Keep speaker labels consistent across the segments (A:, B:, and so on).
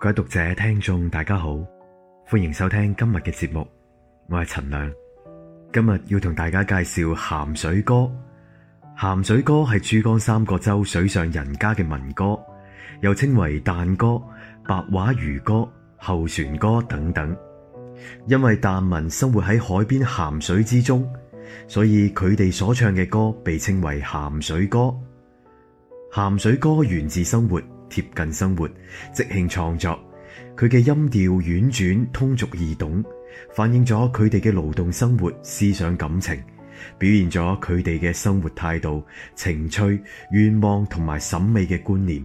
A: 各位讀者、聽眾，大家好，歡迎收聽今日嘅節目，我係陳亮。今日要同大家介紹鹹水歌。鹹水歌係珠江三角洲水上人家嘅民歌，又稱為疍歌、白話漁歌、後船歌等等。因為疍民生活喺海邊鹹水之中，所以佢哋所唱嘅歌被稱為鹹水歌。鹹水歌源自生活，貼近生活，即興創作。佢嘅音調婉轉，通俗易懂，反映咗佢哋嘅勞動生活、思想感情，表現咗佢哋嘅生活態度、情趣、願望同埋審美嘅觀念，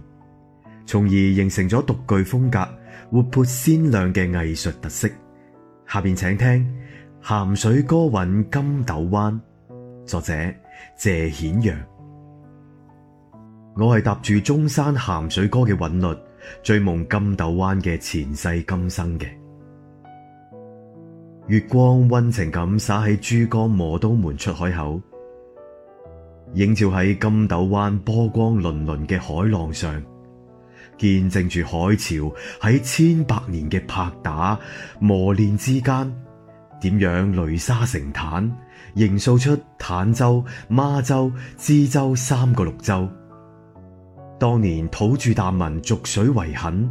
A: 從而形成咗獨具風格、活潑鮮亮嘅藝術特色。下邊請聽《鹹水歌韻金斗灣》，作者謝顯揚。我係踏住中山鹹水歌嘅韻律，追夢金斗灣嘅前世今生嘅。月光溫情咁灑喺珠江磨刀門出海口，映照喺金斗灣波光粼粼嘅海浪上，見證住海潮喺千百年嘅拍打磨練之間，點樣壘沙成坦，形塑出坦洲、孖洲、蜘洲三個綠洲。當年土著疍民逐水圍墾，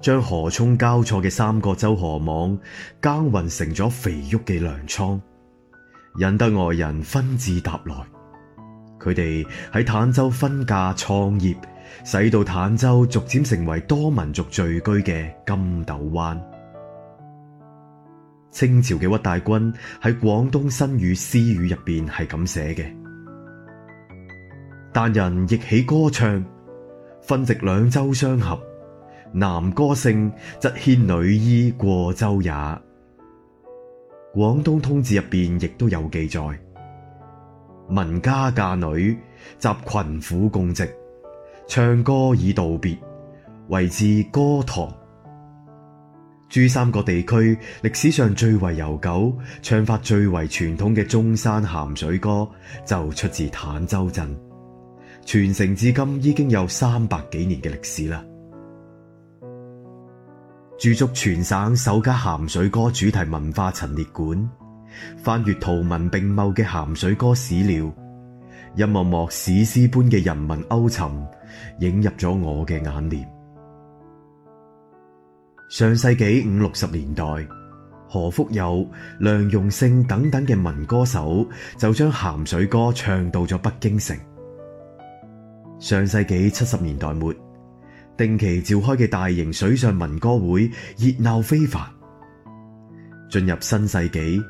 A: 將河涌交錯嘅三角洲河網耕耘成咗肥沃嘅糧倉，引得外人紛至沓來。佢哋喺坦洲婚嫁創業，使到坦洲逐漸成為多民族聚居嘅金斗灣。清朝嘅屈大均喺廣東新語詩語入邊係咁寫嘅。疍人亦喜歌唱，婚夕兩舟相合，男歌勝，則牽女衣過舟也。廣東通志入邊亦都有記載，民家嫁女，集群婦共席，唱歌以道別，謂之歌堂。珠三角地區歷史上最為悠久、唱法最為傳統嘅中山咸水歌，就出自坦洲鎮。傳承至今已經有三百幾年嘅歷史啦！駐足全省首家鹹水歌主題文化陳列館，翻閱圖文並茂嘅鹹水歌史料，一幕幕史詩般嘅人文鈎沉映入咗我嘅眼簾。上世紀五六十年代，何福友、梁容勝等等嘅民歌手就將鹹水歌唱到咗北京城。上世紀七十年代末，定期召開嘅大型水上民歌會熱鬧非凡。進入新世紀，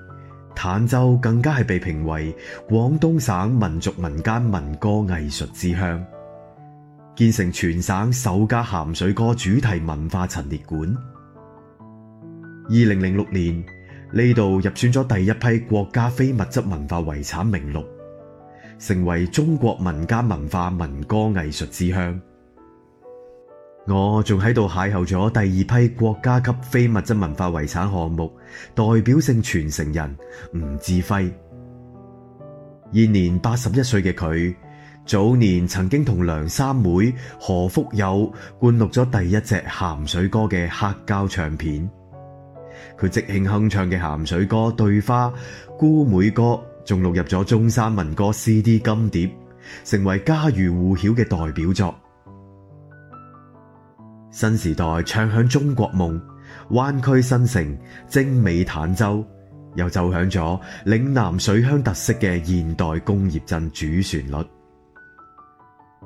A: 坦洲更加係被評為廣東省民族民間民歌藝術之鄉，建成全省首家鹹水歌主題文化陳列館。二零零六年，呢度入選咗第一批國家非物質文化遺產名錄。成為中國民間文化民歌藝術之鄉。我仲喺度邂逅咗第二批國家級非物質文化遺產項目代表性傳承人吳志輝。現年八十一歲嘅佢，早年曾經同梁三妹、何福友灌錄咗第一隻咸水歌嘅黑膠唱片。佢即興哼唱嘅咸水歌對花姑妹歌。仲錄入咗中山民歌 CD 金碟，成為家喻戶曉嘅代表作。新時代唱響中國夢，灣區新城，精美坦洲又奏響咗嶺南水鄉特色嘅現代工業鎮主旋律。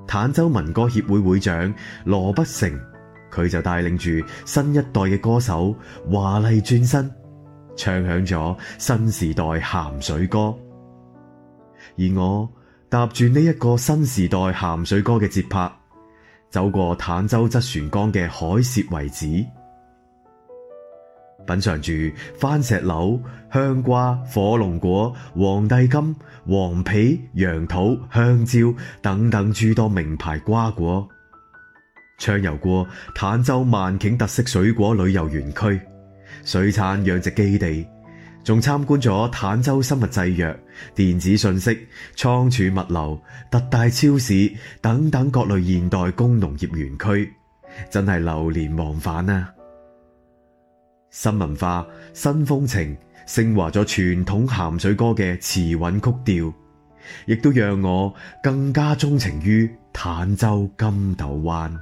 A: 坦洲民歌協會會長羅北成，佢就帶領住新一代嘅歌手華麗轉身，唱響咗新時代咸水歌。而我踏住呢一個新時代鹹水歌嘅節拍，走過坦洲側船崗嘅海蝕遺址，品嘗住番石榴、香瓜、火龍果、皇帝柑、黃皮、楊桃、香蕉等等諸多名牌瓜果，暢遊過坦洲萬頃特色水果旅遊園區、水產養殖基地。仲參觀咗坦洲生物製藥、電子信息、倉儲物流、特大超市等等各類現代工農業園區，真係流連忘返啊！新文化、新風情，昇華咗傳統鹹水歌嘅詞韻曲調，亦都讓我更加鍾情於坦洲金斗灣。